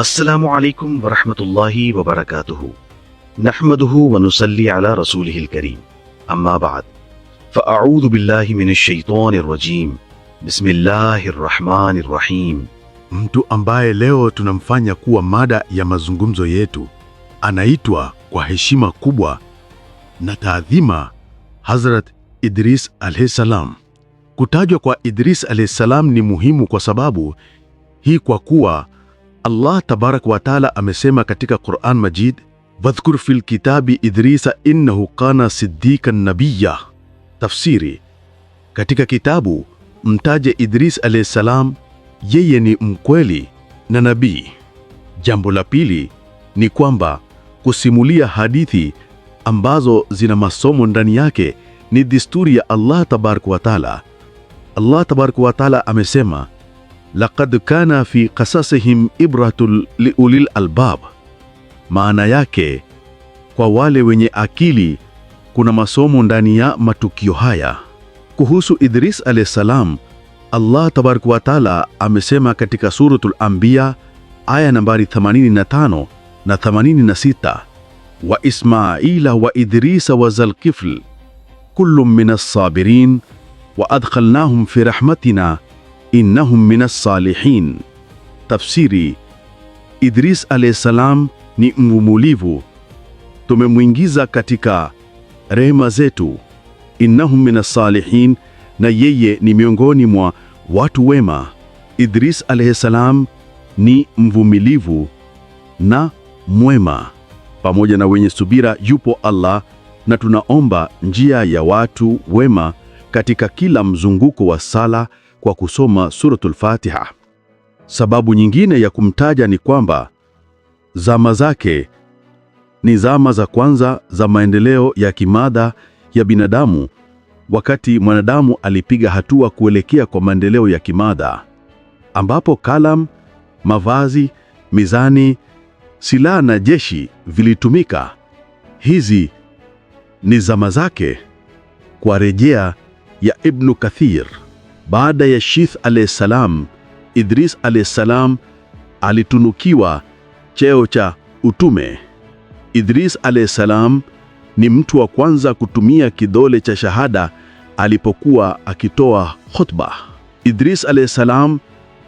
السلام عليكم ورحمة الله وبركاته نحمده ونصلي على رسوله الكريم أما بعد فأعوذ بالله من الشيطان الرجيم بسم الله الرحمن الرحيم Mtu ambaye leo tunamfanya kuwa mada ya mazungumzo yetu anaitwa kwa heshima kubwa na taadhima Hazrat Idris alayhi salam. Kutajwa kwa Idris alayhi salam ni muhimu kwa sababu hii, kwa kuwa Allah tabarak wa taala amesema katika Quran Majid, wadhkur fil kitabi Idrisa innahu kana siddiqan nabiyya. Tafsiri, katika kitabu mtaje Idris alayhi salam, yeye ni mkweli na nabii. Jambo la pili ni kwamba kusimulia hadithi ambazo zina masomo ndani yake ni desturi ya Allah tabarak wa taala. Allah tabarak wa taala amesema laqad kana fi qasasihim ibratul liulil albab, maana yake kwa wale wenye akili kuna masomo ndani ya matukio haya. Kuhusu Idris alayhi salam, Allah tabaraka wa taala amesema katika Suratul Anbiya aya nambari 85 na 86, wa Ismaila wa Idrisa wa Zalkifl kullum min assabirin wa adkhalnahum fi rahmatina innahum minas salihin. Tafsiri: Idris alayhi salam ni mvumulivu, tumemwingiza katika rehema zetu. Innahum minas salihin, na yeye ni miongoni mwa watu wema. Idris alayhi salam ni mvumilivu na mwema. Pamoja na wenye subira yupo Allah, na tunaomba njia ya watu wema katika kila mzunguko wa sala kwa kusoma suratul Fatiha. Sababu nyingine ya kumtaja ni kwamba zama zake ni zama za kwanza za maendeleo ya kimada ya binadamu, wakati mwanadamu alipiga hatua kuelekea kwa maendeleo ya kimada, ambapo kalam, mavazi, mizani, silaha na jeshi vilitumika. Hizi ni zama zake, kwa rejea ya Ibnu Kathir. Baada ya Shith alayhi salam, Idris alayhi salam alitunukiwa cheo cha utume. Idris alayhi salam ni mtu wa kwanza kutumia kidole cha shahada alipokuwa akitoa khutba. Idris alayhi salam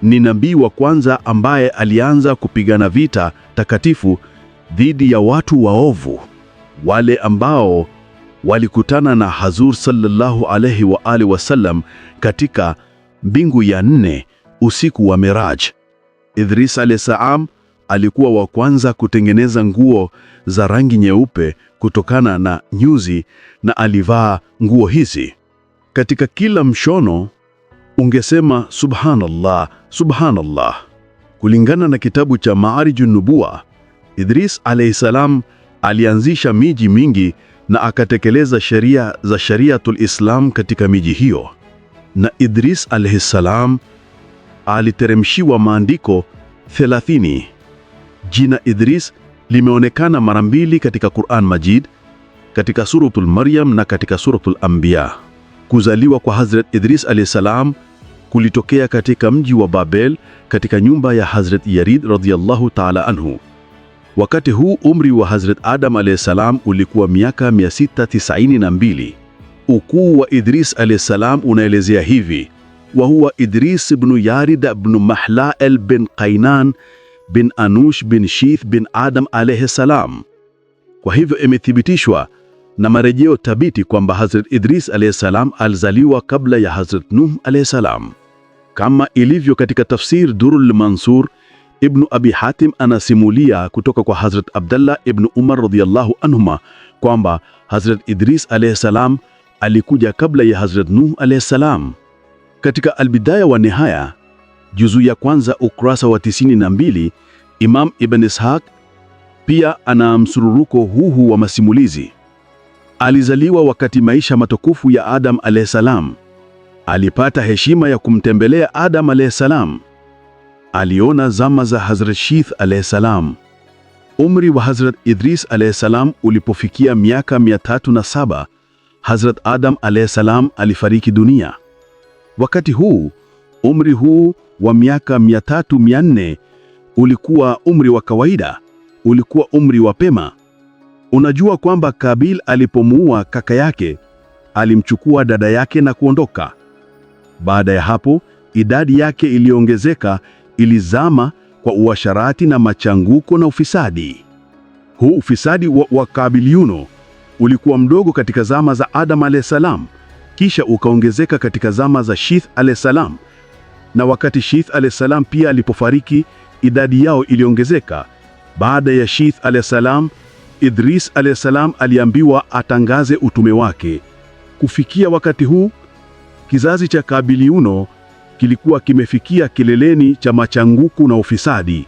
ni nabii wa kwanza ambaye alianza kupigana vita takatifu dhidi ya watu waovu, wale ambao walikutana na Hazur sallallahu alaihi wa alihi wasallam katika mbingu ya nne usiku wa Miraj. Idris alayhi alikuwa wa kwanza kutengeneza nguo za rangi nyeupe kutokana na nyuzi na alivaa nguo hizi. Katika kila mshono ungesema subhanallah, subhanallah. Kulingana na kitabu cha Maarijun Nubuwa, Idris alayhi salam alianzisha miji mingi na akatekeleza sheria za shariatul Islam katika miji hiyo. Na Idris alaihi salam aliteremshiwa maandiko 30. Jina Idris limeonekana mara mbili katika Quran Majid, katika suratul Maryam na katika suratul Anbiya. Kuzaliwa kwa Hazrat Idris alaihi salam kulitokea katika mji wa Babel katika nyumba ya Hazrat Yarid radhiyallahu ta'ala anhu. Wakati huu umri wa Hazrat Adam alayhi salam ulikuwa miaka 692. Ukuu wa Idris alayhi salam unaelezea hivi: wa huwa Idris bnu Yarida bnu Mahlael bin Qainan bin Anush bin Shith bin Adam alayhi salam. Kwa hivyo imethibitishwa na marejeo thabiti kwamba Hazrat Idris alayhi salam alizaliwa kabla ya Hazrat Nuh alayhi salam, kama ilivyo katika tafsir Durul Mansur Ibnu Abi Hatim anasimulia kutoka kwa Hazrat Abdallah Ibnu Umar radhiyallahu anhuma kwamba Hazrat Idris alayhi salam alikuja kabla ya Hazrat Nuh alayhi salam. Katika Albidaya wa Nihaya juzu ya kwanza ukurasa wa 92, Imam Ibn Ishaq pia ana msururuko huu wa masimulizi. Alizaliwa wakati maisha matukufu ya Adam alayhi salam. Alipata heshima ya kumtembelea Adam alayhi salam aliona zama za Hazrat Shith alayhi salam. Umri wa Hazrat Idris alayhi salam ulipofikia miaka 307, Hazrat Adam alayhi salam alifariki dunia. Wakati huu umri huu wa miaka 300 400 ulikuwa umri wa kawaida, ulikuwa umri wa pema. Unajua kwamba Kabil alipomuua kaka yake, alimchukua dada yake na kuondoka. Baada ya hapo idadi yake iliongezeka ilizama kwa uasharati na machanguko na ufisadi. Huu ufisadi wa, Wakabiliuno Kabiliuno ulikuwa mdogo katika zama za Adam alayhi salam, kisha ukaongezeka katika zama za Shith alayhi salam, na wakati Shith alayhi salam pia alipofariki, idadi yao iliongezeka. Baada ya Shith alayhi salam, Idris alayhi salam aliambiwa atangaze utume wake. Kufikia wakati huu kizazi cha Kabiliuno kilikuwa kimefikia kileleni cha machanguko na ufisadi.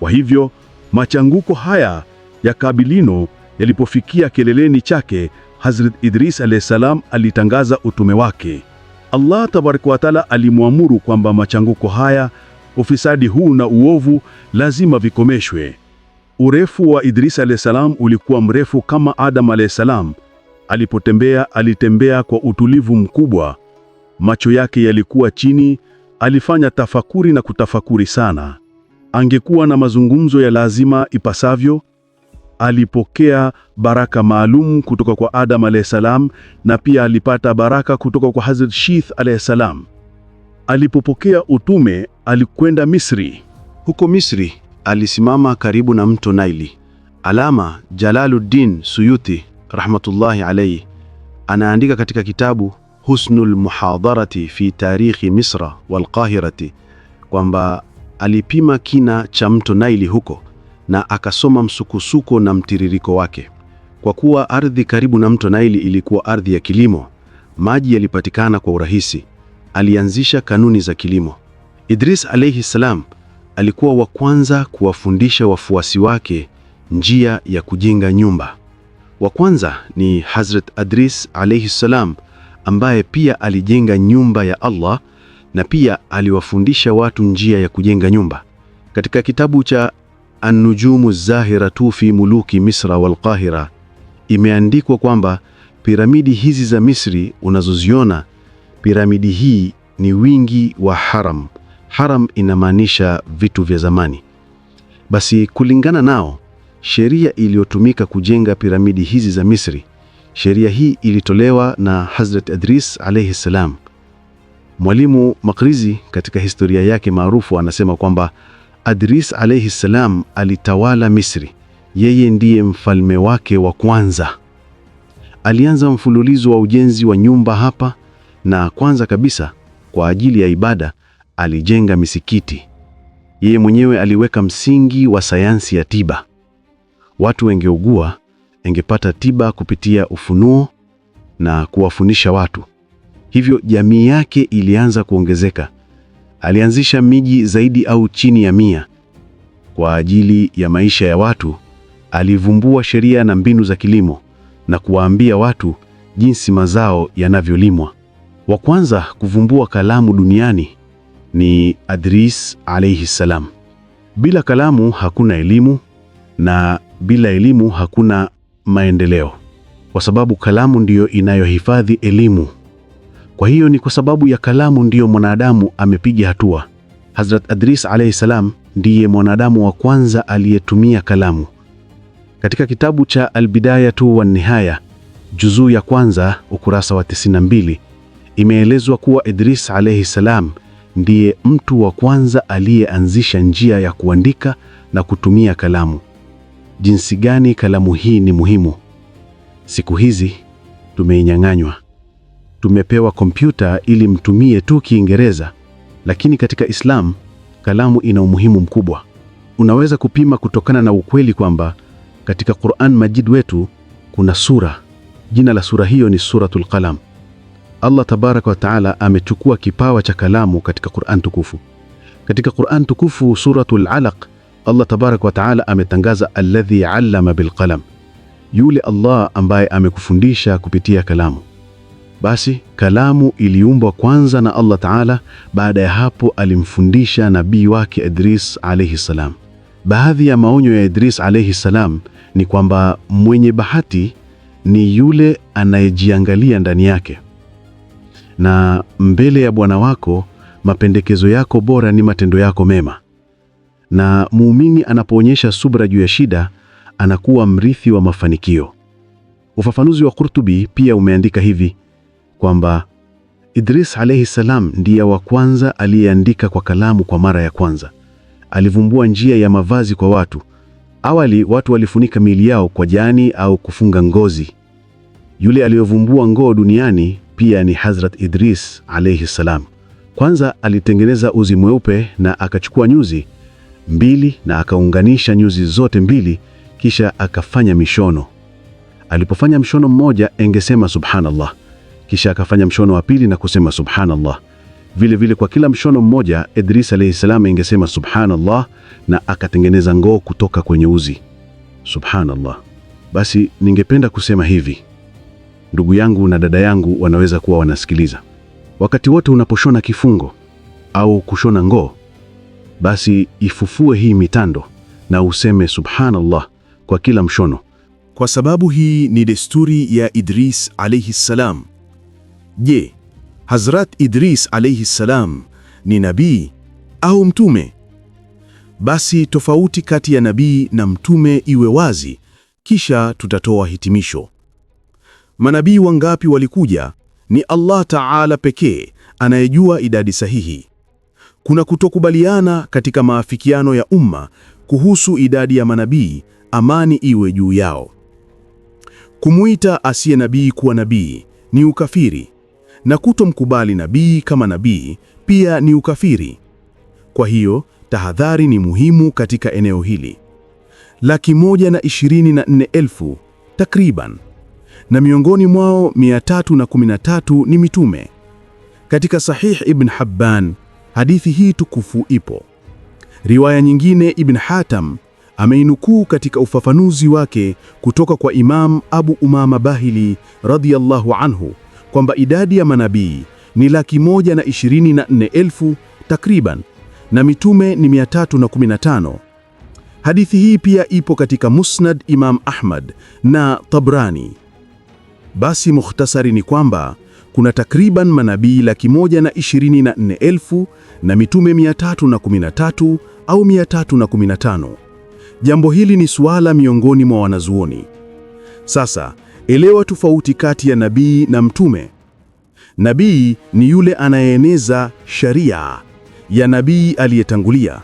Kwa hivyo machanguko haya ya Kabilino yalipofikia kileleni chake, Hazrat Idris alayhi salam alitangaza utume wake. Allah tabaraka wa taala alimwamuru kwamba machanguko haya, ufisadi huu na uovu lazima vikomeshwe. Urefu wa Idris alayhi salam ulikuwa mrefu kama Adam alayhi salam. Alipotembea alitembea kwa utulivu mkubwa Macho yake yalikuwa chini, alifanya tafakuri na kutafakuri sana. Angekuwa na mazungumzo ya lazima ipasavyo. Alipokea baraka maalum kutoka kwa Adam alayhi salam, na pia alipata baraka kutoka kwa Hazrat sheth alayhi salam. Alipopokea utume, alikwenda Misri. Huko Misri alisimama karibu na mto Naili. Alama Jalaluddin Suyuti rahmatullahi alayhi anaandika katika kitabu husnu lmuhadharati fi tarikhi Misra walqahirati, kwamba alipima kina cha mto Naili huko na akasoma msukosuko na mtiririko wake. Kwa kuwa ardhi karibu na mto Naili ilikuwa ardhi ya kilimo, maji yalipatikana kwa urahisi. Alianzisha kanuni za kilimo. Idris alayhi salam alikuwa wa kwanza kuwafundisha wafuasi wake njia ya kujenga nyumba. Wa kwanza ni Hazrat Idris alayhi salam ambaye pia alijenga nyumba ya Allah na pia aliwafundisha watu njia ya kujenga nyumba. Katika kitabu cha An-Nujumu Zahiratu fi Muluki Misra wal Qahira imeandikwa kwamba piramidi hizi za Misri unazoziona, piramidi hii ni wingi wa haram. Haram inamaanisha vitu vya zamani. Basi kulingana nao, sheria iliyotumika kujenga piramidi hizi za Misri Sheria hii ilitolewa na Hazrat Idris alayhi salam. Mwalimu Makrizi katika historia yake maarufu anasema kwamba Idris alayhi salam alitawala Misri, yeye ndiye mfalme wake wa kwanza. Alianza mfululizo wa ujenzi wa nyumba hapa, na kwanza kabisa kwa ajili ya ibada alijenga misikiti. Yeye mwenyewe aliweka msingi wa sayansi ya tiba. Watu wengeugua ingepata tiba kupitia ufunuo na kuwafundisha watu. Hivyo jamii yake ilianza kuongezeka. Alianzisha miji zaidi au chini ya mia kwa ajili ya maisha ya watu. Alivumbua sheria na mbinu za kilimo na kuwaambia watu jinsi mazao yanavyolimwa. Wa kwanza kuvumbua kalamu duniani ni Adris alayhi salam. Bila kalamu hakuna elimu na bila elimu hakuna maendeleo, kwa sababu kalamu ndiyo inayohifadhi elimu. Kwa hiyo ni kwa sababu ya kalamu ndiyo mwanadamu amepiga hatua. Hazrat Adris alayhi salam ndiye mwanadamu wa kwanza aliyetumia kalamu. Katika kitabu cha Albidayatu wa Nihaya juzuu ya kwanza ukurasa wa 92 imeelezwa kuwa Idris alayhi salam ndiye mtu wa kwanza aliyeanzisha njia ya kuandika na kutumia kalamu jinsi gani kalamu hii ni muhimu. Siku hizi tumeinyang'anywa. Tumepewa kompyuta ili mtumie tu Kiingereza, lakini katika Islam kalamu ina umuhimu mkubwa. Unaweza kupima kutokana na ukweli kwamba katika Qur'an Majid wetu kuna sura, jina la sura hiyo ni Suratul Qalam. Allah tabaraka wa taala amechukua kipawa cha kalamu katika Qur'an tukufu. Katika Qur'an tukufu Suratul Alaq Allah tabaraka wa taala ametangaza alladhi allama bilqalam, yule Allah ambaye amekufundisha kupitia kalamu. Basi kalamu iliumbwa kwanza na Allah taala, baada ya hapo alimfundisha nabii wake Idris alayhi salam. Baadhi ya maonyo ya Idris alayhi salam ni kwamba mwenye bahati ni yule anayejiangalia ndani yake, na mbele ya Bwana wako mapendekezo yako bora ni matendo yako mema na muumini anapoonyesha subra juu ya shida anakuwa mrithi wa mafanikio. Ufafanuzi wa Qurtubi pia umeandika hivi kwamba Idris alayhi salam ndiye wa kwanza aliyeandika kwa kalamu kwa mara ya kwanza. Alivumbua njia ya mavazi kwa watu. Awali watu walifunika miili yao kwa jani au kufunga ngozi. Yule aliyovumbua ngoo duniani pia ni Hazrat Idris alayhi salam. Kwanza alitengeneza uzi mweupe na akachukua nyuzi mbili na akaunganisha nyuzi zote mbili, kisha akafanya mishono. Alipofanya mshono mmoja, engesema subhanallah, kisha akafanya mshono wa pili na kusema subhanallah. Vile vile kwa kila mshono mmoja, Idris alayhi salam engesema subhanallah, na akatengeneza ngoo kutoka kwenye uzi. Subhanallah. Basi ningependa kusema hivi, ndugu yangu na dada yangu wanaweza kuwa wanasikiliza, wakati wote unaposhona kifungo au kushona ngoo basi ifufue hii mitando na useme subhanallah kwa kila mshono, kwa sababu hii ni desturi ya Idris alayhi salam. Je, Hazrat Idris alayhi salam ni nabii au mtume? Basi tofauti kati ya nabii na mtume iwe wazi, kisha tutatoa hitimisho. Manabii wangapi walikuja? Ni Allah Taala pekee anayejua idadi sahihi kuna kutokubaliana katika maafikiano ya umma kuhusu idadi ya manabii, amani iwe juu yao. Kumuita asiye nabii kuwa nabii ni ukafiri, na kutomkubali nabii kama nabii pia ni ukafiri. Kwa hiyo tahadhari ni muhimu katika eneo hili. Laki moja na ishirini na nne elfu takriban, na miongoni mwao tatu ni mitume. Katika Sahih Ibn Habban hadithi hii tukufu ipo. Riwaya nyingine Ibn Hatam ameinukuu katika ufafanuzi wake kutoka kwa Imam Abu Umama Bahili radhiyallahu anhu kwamba idadi ya manabii ni laki moja na ishirini na nne elfu takriban na mitume ni 315. Hadithi hii pia ipo katika Musnad Imam Ahmad na Tabrani. Basi mukhtasari ni kwamba kuna takriban manabii laki moja na ishirini na nne elfu na mitume tatu au tano. Jambo hili ni suala miongoni mwa wanazuoni. Sasa elewa tofauti kati ya nabii na mtume. Nabii ni yule anayeeneza sharia ya nabii aliyetangulia.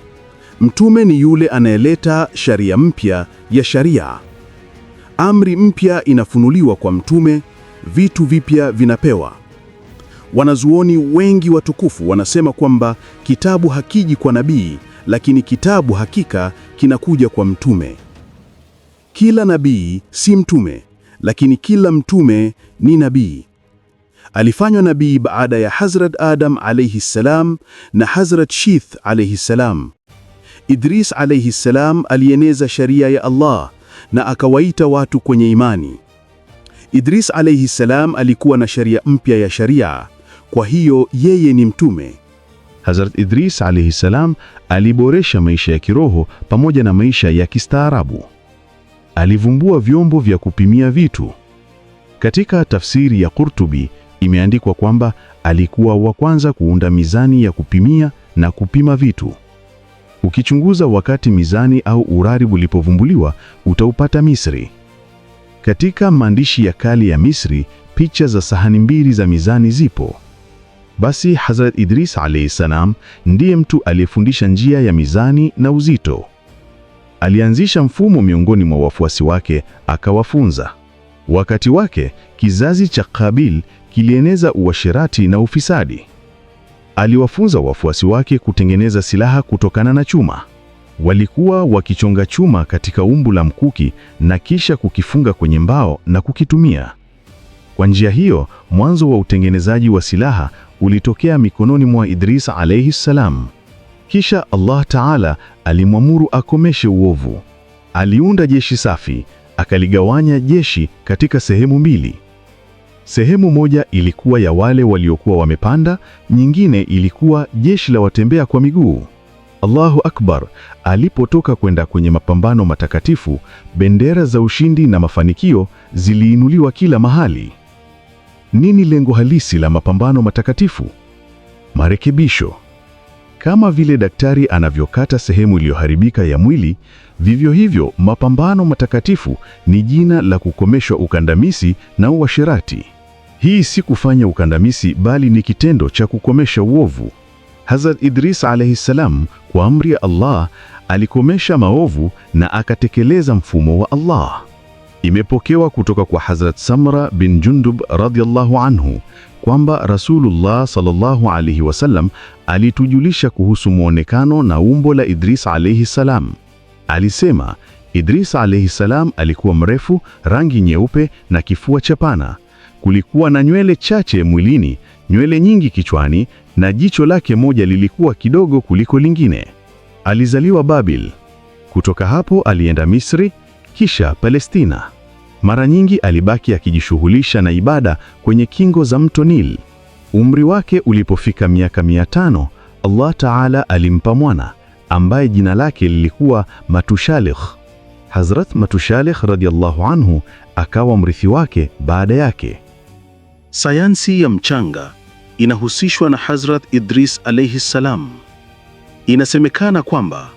Mtume ni yule anayeleta sharia mpya ya sharia. Amri mpya inafunuliwa kwa mtume vitu vipya vinapewa. Wanazuoni wengi watukufu wanasema kwamba kitabu hakiji kwa nabii, lakini kitabu hakika kinakuja kwa mtume. Kila nabii si mtume, lakini kila mtume ni nabii. Alifanywa nabii baada ya Hazrat Adam alayhi salam na Hazrat Shith alayhi salam. Idris alayhi salam alieneza sharia ya Allah na akawaita watu kwenye imani. Idris alayhi salam alikuwa na sheria mpya ya sharia, kwa hiyo yeye ni mtume. Hazrat Idris alayhi salam aliboresha maisha ya kiroho pamoja na maisha ya kistaarabu. Alivumbua vyombo vya kupimia vitu. Katika tafsiri ya Qurtubi imeandikwa kwamba alikuwa wa kwanza kuunda mizani ya kupimia na kupima vitu. Ukichunguza wakati mizani au urari ulipovumbuliwa utaupata Misri. Katika maandishi ya kale ya Misri, picha za sahani mbili za mizani zipo. Basi Hazrat Idris alayhi salam ndiye mtu aliyefundisha njia ya mizani na uzito. Alianzisha mfumo miongoni mwa wafuasi wake, akawafunza. Wakati wake, kizazi cha Kabil kilieneza uasherati na ufisadi. Aliwafunza wafuasi wake kutengeneza silaha kutokana na chuma. Walikuwa wakichonga chuma katika umbu la mkuki na kisha kukifunga kwenye mbao na kukitumia. Kwa njia hiyo, mwanzo wa utengenezaji wa silaha ulitokea mikononi mwa Idris alayhi salam. Kisha Allah Taala alimwamuru akomeshe uovu. Aliunda jeshi safi, akaligawanya jeshi katika sehemu mbili. Sehemu moja ilikuwa ya wale waliokuwa wamepanda, nyingine ilikuwa jeshi la watembea kwa miguu. Allahu Akbar! Alipotoka kwenda kwenye mapambano matakatifu, bendera za ushindi na mafanikio ziliinuliwa kila mahali. Nini lengo halisi la mapambano matakatifu? Marekebisho. Kama vile daktari anavyokata sehemu iliyoharibika ya mwili, vivyo hivyo mapambano matakatifu ni jina la kukomeshwa ukandamisi na uasherati. Hii si kufanya ukandamisi, bali ni kitendo cha kukomesha uovu. Hazrat Idris alayhi salam kwa amri ya Allah alikomesha maovu na akatekeleza mfumo wa Allah. Imepokewa kutoka kwa Hazrat Samra bin Jundub radhiyallahu anhu kwamba Rasulullah sallallahu alayhi wasallam alitujulisha kuhusu muonekano na umbo la Idris alayhi salam. Alisema Idris alayhi salam alikuwa mrefu, rangi nyeupe na kifua cha pana. Kulikuwa na nywele chache mwilini nywele nyingi kichwani na jicho lake moja lilikuwa kidogo kuliko lingine. Alizaliwa Babil. Kutoka hapo alienda Misri, kisha Palestina. Mara nyingi alibaki akijishughulisha na ibada kwenye kingo za mto Nil. Umri wake ulipofika miaka mia tano, Allah Taala alimpa mwana ambaye jina lake lilikuwa Matushalikh. Hazrat Matushalikh radhiyallahu anhu akawa mrithi wake baada yake. Sayansi ya mchanga inahusishwa na Hazrat Idris alayhi salam. Inasemekana kwamba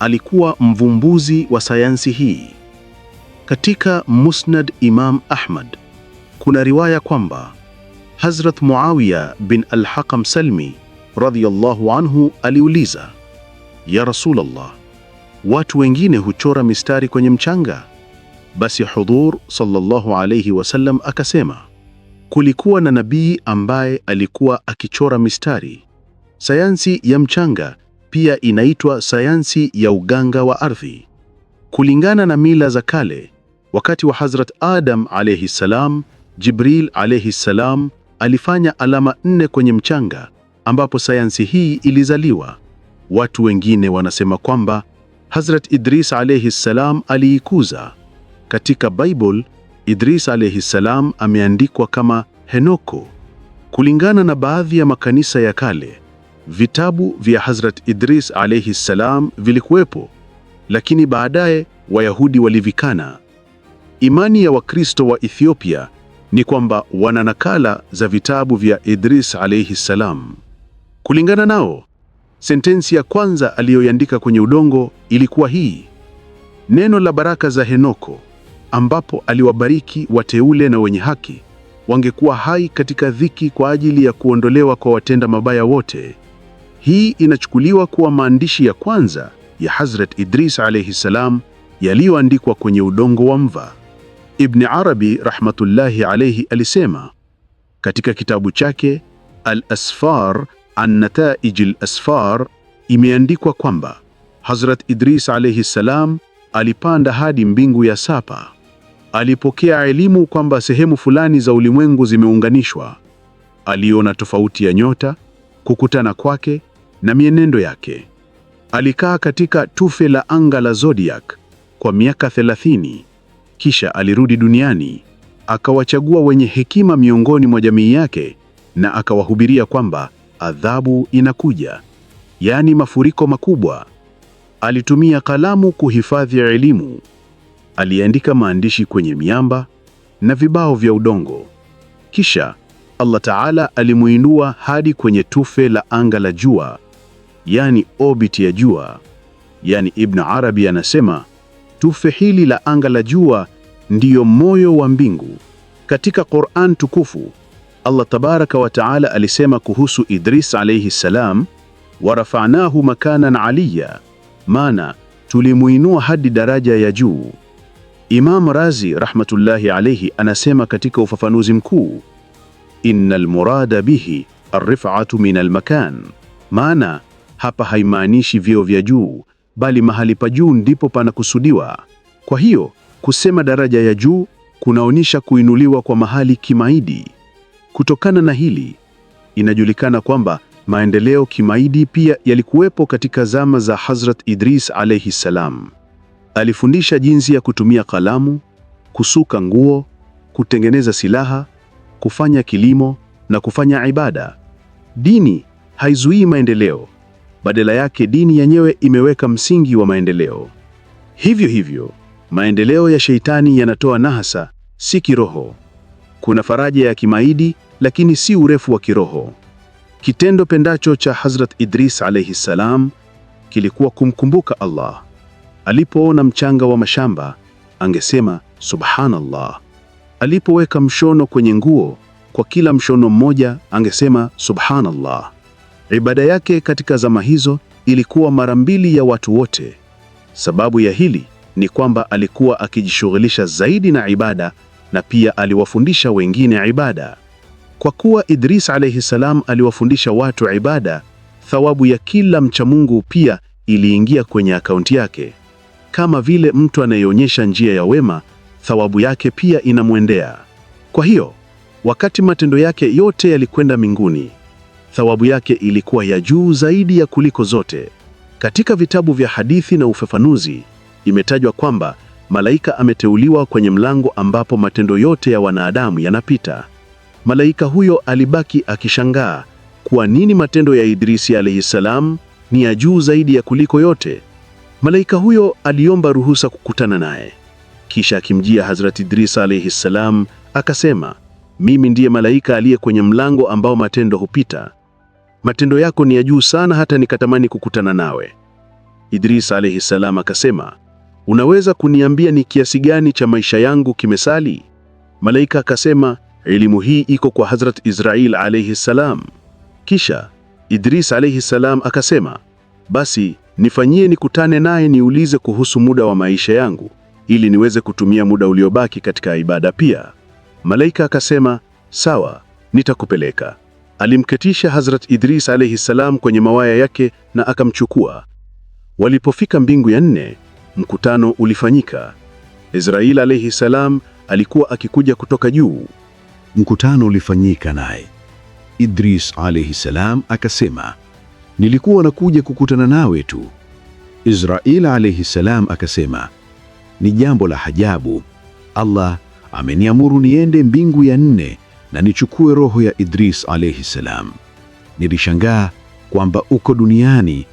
alikuwa mvumbuzi wa sayansi hii. Katika Musnad Imam Ahmad kuna riwaya kwamba Hazrat Muawiya bin al-Hakam Salmi radhiyallahu anhu aliuliza, ya Rasulullah, watu wengine huchora mistari kwenye mchanga? Basi Hudhur sallallahu alayhi wasallam akasema Kulikuwa na nabii ambaye alikuwa akichora mistari. Sayansi ya mchanga pia inaitwa sayansi ya uganga wa ardhi. Kulingana na mila za kale, wakati wa Hazrat Adam alayhi salam, Jibril alayhi salam alifanya alama nne kwenye mchanga ambapo sayansi hii ilizaliwa. Watu wengine wanasema kwamba Hazrat Idris alayhi salam aliikuza. Katika Bible Idris alayhi salam ameandikwa kama Henoko. Kulingana na baadhi ya makanisa ya kale, vitabu vya Hazrat Idris alayhi salam vilikuwepo, lakini baadaye Wayahudi walivikana. Imani ya Wakristo wa Ethiopia ni kwamba wana nakala za vitabu vya Idris alayhi salam. Kulingana nao, sentensi ya kwanza aliyoiandika kwenye udongo ilikuwa hii: neno la baraka za Henoko ambapo aliwabariki wateule na wenye haki wangekuwa hai katika dhiki kwa ajili ya kuondolewa kwa watenda mabaya wote. Hii inachukuliwa kuwa maandishi ya kwanza ya Hazrat Idris alayhi salam yaliyoandikwa kwenye udongo wa mva. Ibn Arabi rahmatullahi alayhi alisema katika kitabu chake Al-Asfar an Nataij al-Asfar, imeandikwa kwamba Hazrat Idris alayhi salam alipanda hadi mbingu ya sapa. Alipokea elimu kwamba sehemu fulani za ulimwengu zimeunganishwa. Aliona tofauti ya nyota, kukutana kwake na mienendo yake. Alikaa katika tufe la anga la zodiac kwa miaka 30, kisha alirudi duniani, akawachagua wenye hekima miongoni mwa jamii yake na akawahubiria kwamba adhabu inakuja, yaani mafuriko makubwa. Alitumia kalamu kuhifadhi elimu aliyeandika maandishi kwenye miamba na vibao vya udongo. Kisha Allah Taala alimuinua hadi kwenye tufe la anga la jua, yani orbit ya jua. Yani Ibn Arabi anasema tufe hili la anga la jua ndiyo moyo wa mbingu. Katika Qur'an tukufu Allah tabaraka wa taala alisema kuhusu Idris alayhi salam, warafanahu makanan aliya, maana tulimuinua hadi daraja ya juu. Imam Razi rahmatullahi alayhi anasema katika ufafanuzi mkuu, innal murada bihi arrifatu min almakan, maana hapa haimaanishi vyeo vya juu, bali mahali pa juu ndipo panakusudiwa. Kwa hiyo kusema daraja ya juu kunaonyesha kuinuliwa kwa mahali kimaidi. Kutokana na hili, inajulikana kwamba maendeleo kimaidi pia yalikuwepo katika zama za Hazrat Idris alayhi salam. Alifundisha jinsi ya kutumia kalamu, kusuka nguo, kutengeneza silaha, kufanya kilimo na kufanya ibada. Dini haizuii maendeleo, badala yake dini yenyewe imeweka msingi wa maendeleo. Hivyo hivyo, maendeleo ya sheitani yanatoa nahasa, si kiroho. Kuna faraja ya kimaidi, lakini si urefu wa kiroho. Kitendo pendacho cha Hazrat Idris alayhi salam kilikuwa kumkumbuka Allah. Alipoona mchanga wa mashamba angesema subhanallah. Alipoweka mshono kwenye nguo, kwa kila mshono mmoja angesema subhanallah. Ibada yake katika zama hizo ilikuwa mara mbili ya watu wote. Sababu ya hili ni kwamba alikuwa akijishughulisha zaidi na ibada na pia aliwafundisha wengine ibada. Kwa kuwa Idris alayhi salam aliwafundisha watu ibada, thawabu ya kila mcha Mungu pia iliingia kwenye akaunti yake. Kama vile mtu anayeonyesha njia ya wema, thawabu yake pia inamwendea. Kwa hiyo, wakati matendo yake yote yalikwenda mbinguni, thawabu yake ilikuwa ya juu zaidi ya kuliko zote. Katika vitabu vya hadithi na ufafanuzi, imetajwa kwamba malaika ameteuliwa kwenye mlango ambapo matendo yote ya wanadamu yanapita. Malaika huyo alibaki akishangaa kwa nini matendo ya Idrisi alayhi salam ni ya juu zaidi ya kuliko yote. Malaika huyo aliomba ruhusa kukutana naye, kisha akimjia Hazrat Idris alayhi salam akasema, mimi ndiye malaika aliye kwenye mlango ambao matendo hupita. Matendo yako ni ya juu sana, hata nikatamani kukutana nawe. Idris alayhi salam akasema, unaweza kuniambia ni kiasi gani cha maisha yangu kimesali? Malaika akasema, elimu hii iko kwa Hazrat Israil alayhi salam. Kisha Idris alayhi salam akasema, basi nifanyie nikutane naye niulize kuhusu muda wa maisha yangu ili niweze kutumia muda uliobaki katika ibada pia. Malaika akasema sawa, nitakupeleka. Alimketisha Hazrat Idris alayhi salam kwenye mawaya yake na akamchukua. Walipofika mbingu ya nne, mkutano ulifanyika. Israil alayhi salam alikuwa akikuja kutoka juu. Mkutano ulifanyika naye Idris alayhi salam akasema nilikuwa nakuja kukutana nawe tu. Israil alayhi salam akasema, ni jambo la hajabu, Allah ameniamuru niende mbingu ya nne na nichukue roho ya Idris alayhi salam. Nilishangaa kwamba uko duniani,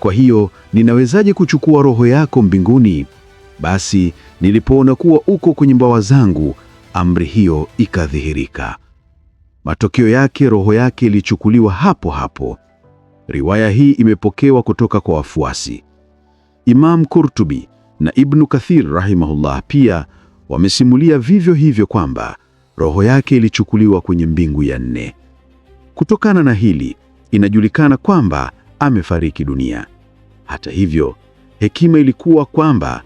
kwa hiyo ninawezaje kuchukua roho yako mbinguni? Basi nilipoona kuwa uko kwenye mbawa zangu, amri hiyo ikadhihirika. Matokeo yake roho yake ilichukuliwa hapo hapo Riwaya hii imepokewa kutoka kwa wafuasi. Imam Qurtubi na Ibnu Kathir rahimahullah pia wamesimulia vivyo hivyo kwamba roho yake ilichukuliwa kwenye mbingu ya nne. Kutokana na hili, inajulikana kwamba amefariki dunia. Hata hivyo, hekima ilikuwa kwamba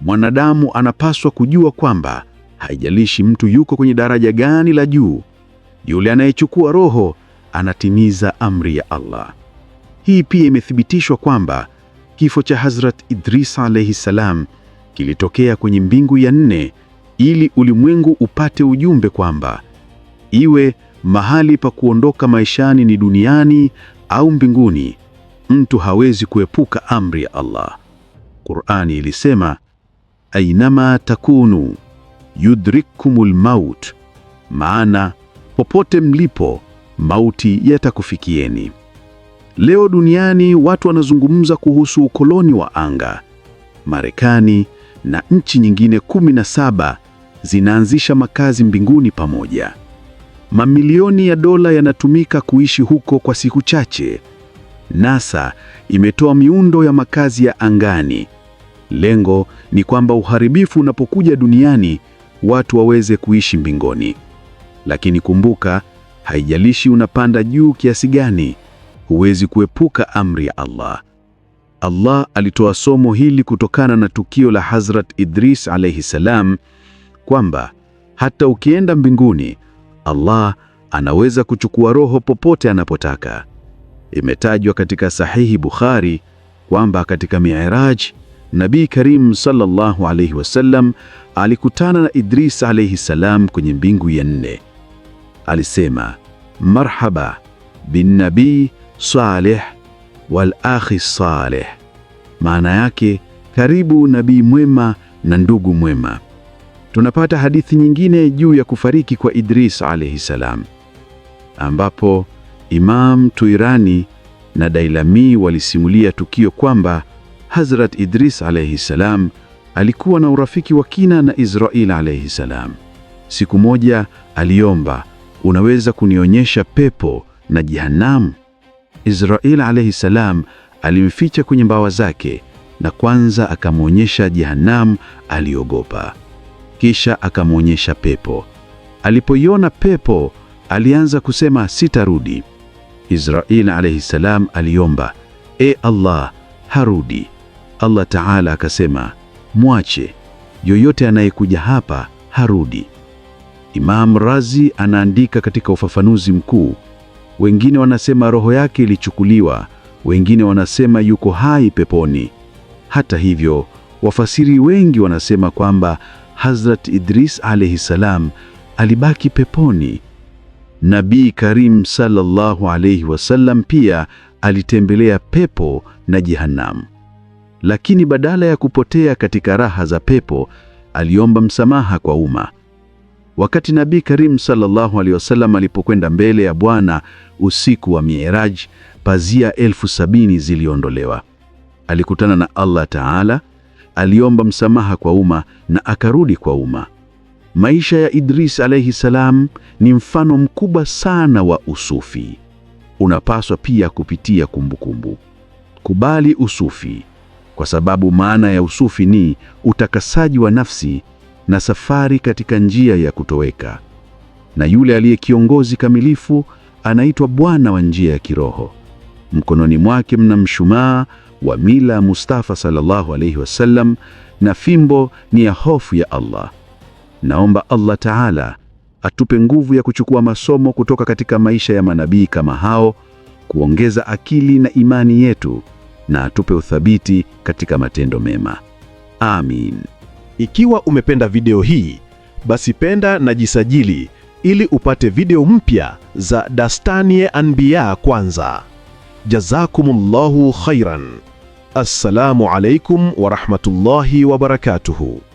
mwanadamu anapaswa kujua kwamba haijalishi mtu yuko kwenye daraja gani la juu, yule anayechukua roho anatimiza amri ya Allah. Hii pia imethibitishwa kwamba kifo cha Hazrat Idrisa alayhi salam kilitokea kwenye mbingu ya nne ili ulimwengu upate ujumbe kwamba iwe mahali pa kuondoka maishani ni duniani au mbinguni, mtu hawezi kuepuka amri ya Allah. Qur'ani ilisema ainama takunu yudrikkumul maut, maana popote mlipo mauti yatakufikieni. Leo duniani watu wanazungumza kuhusu ukoloni wa anga. Marekani na nchi nyingine kumi na saba zinaanzisha makazi mbinguni pamoja. Mamilioni ya dola yanatumika kuishi huko kwa siku chache. NASA imetoa miundo ya makazi ya angani. Lengo ni kwamba uharibifu unapokuja duniani, watu waweze kuishi mbinguni. Lakini kumbuka, haijalishi unapanda juu kiasi gani huwezi kuepuka amri ya Allah. Allah alitoa somo hili kutokana na tukio la Hazrat Idris alayhi salam, kwamba hata ukienda mbinguni, Allah anaweza kuchukua roho popote anapotaka. Imetajwa katika Sahihi Bukhari kwamba katika Mi'raj Nabii Karim sallallahu alayhi wasallam alikutana na Idris alayhi salam kwenye mbingu ya nne. Alisema, marhaba bin nabii salih wal akhi salih, maana yake karibu nabii mwema na ndugu mwema. Tunapata hadithi nyingine juu ya kufariki kwa Idris alayhi salam, ambapo Imam Tuirani na Dailami walisimulia tukio kwamba Hazrat Idris alayhi salam alikuwa na urafiki wa kina na Israil alayhi salam. Siku moja aliomba, unaweza kunionyesha pepo na jehanamu? israeli alayhi salam alimficha kwenye mbawa zake na kwanza akamwonyesha Jehanamu, aliogopa. Kisha akamwonyesha pepo. Alipoiona pepo, alianza kusema sitarudi. Israel alayhi salam aliomba, e Allah, harudi. Allah Taala akasema, mwache, yoyote anayekuja hapa harudi. Imam Razi anaandika katika ufafanuzi mkuu wengine wanasema roho yake ilichukuliwa, wengine wanasema yuko hai peponi. Hata hivyo, wafasiri wengi wanasema kwamba Hazrat Idris alayhi salam alibaki peponi. Nabii Karim sallallahu alayhi wasallam pia alitembelea pepo na jehanamu, lakini badala ya kupotea katika raha za pepo, aliomba msamaha kwa umma. Wakati Nabii Karim sallallahu alayhi wasallam alipokwenda mbele ya Bwana usiku wa Miraj, pazia elfu sabini ziliondolewa. Alikutana na Allah Taala, aliomba msamaha kwa umma na akarudi kwa umma. Maisha ya Idris alayhi salam ni mfano mkubwa sana wa usufi. Unapaswa pia kupitia kumbukumbu kumbu. Kubali usufi kwa sababu maana ya usufi ni utakasaji wa nafsi na safari katika njia ya kutoweka. Na yule aliye kiongozi kamilifu anaitwa bwana wa njia ya kiroho. Mkononi mwake mna mshumaa wa mila ya Mustafa sallallahu alaihi wasallam, na fimbo ni ya hofu ya Allah. Naomba Allah Taala atupe nguvu ya kuchukua masomo kutoka katika maisha ya manabii kama hao, kuongeza akili na imani yetu, na atupe uthabiti katika matendo mema. Amin. Ikiwa umependa video hii, basi penda na jisajili ili upate video mpya za Dastanie Anbiya kwanza. Jazakumullahu khairan. Assalamu alaikum wa rahmatullahi wa barakatuhu.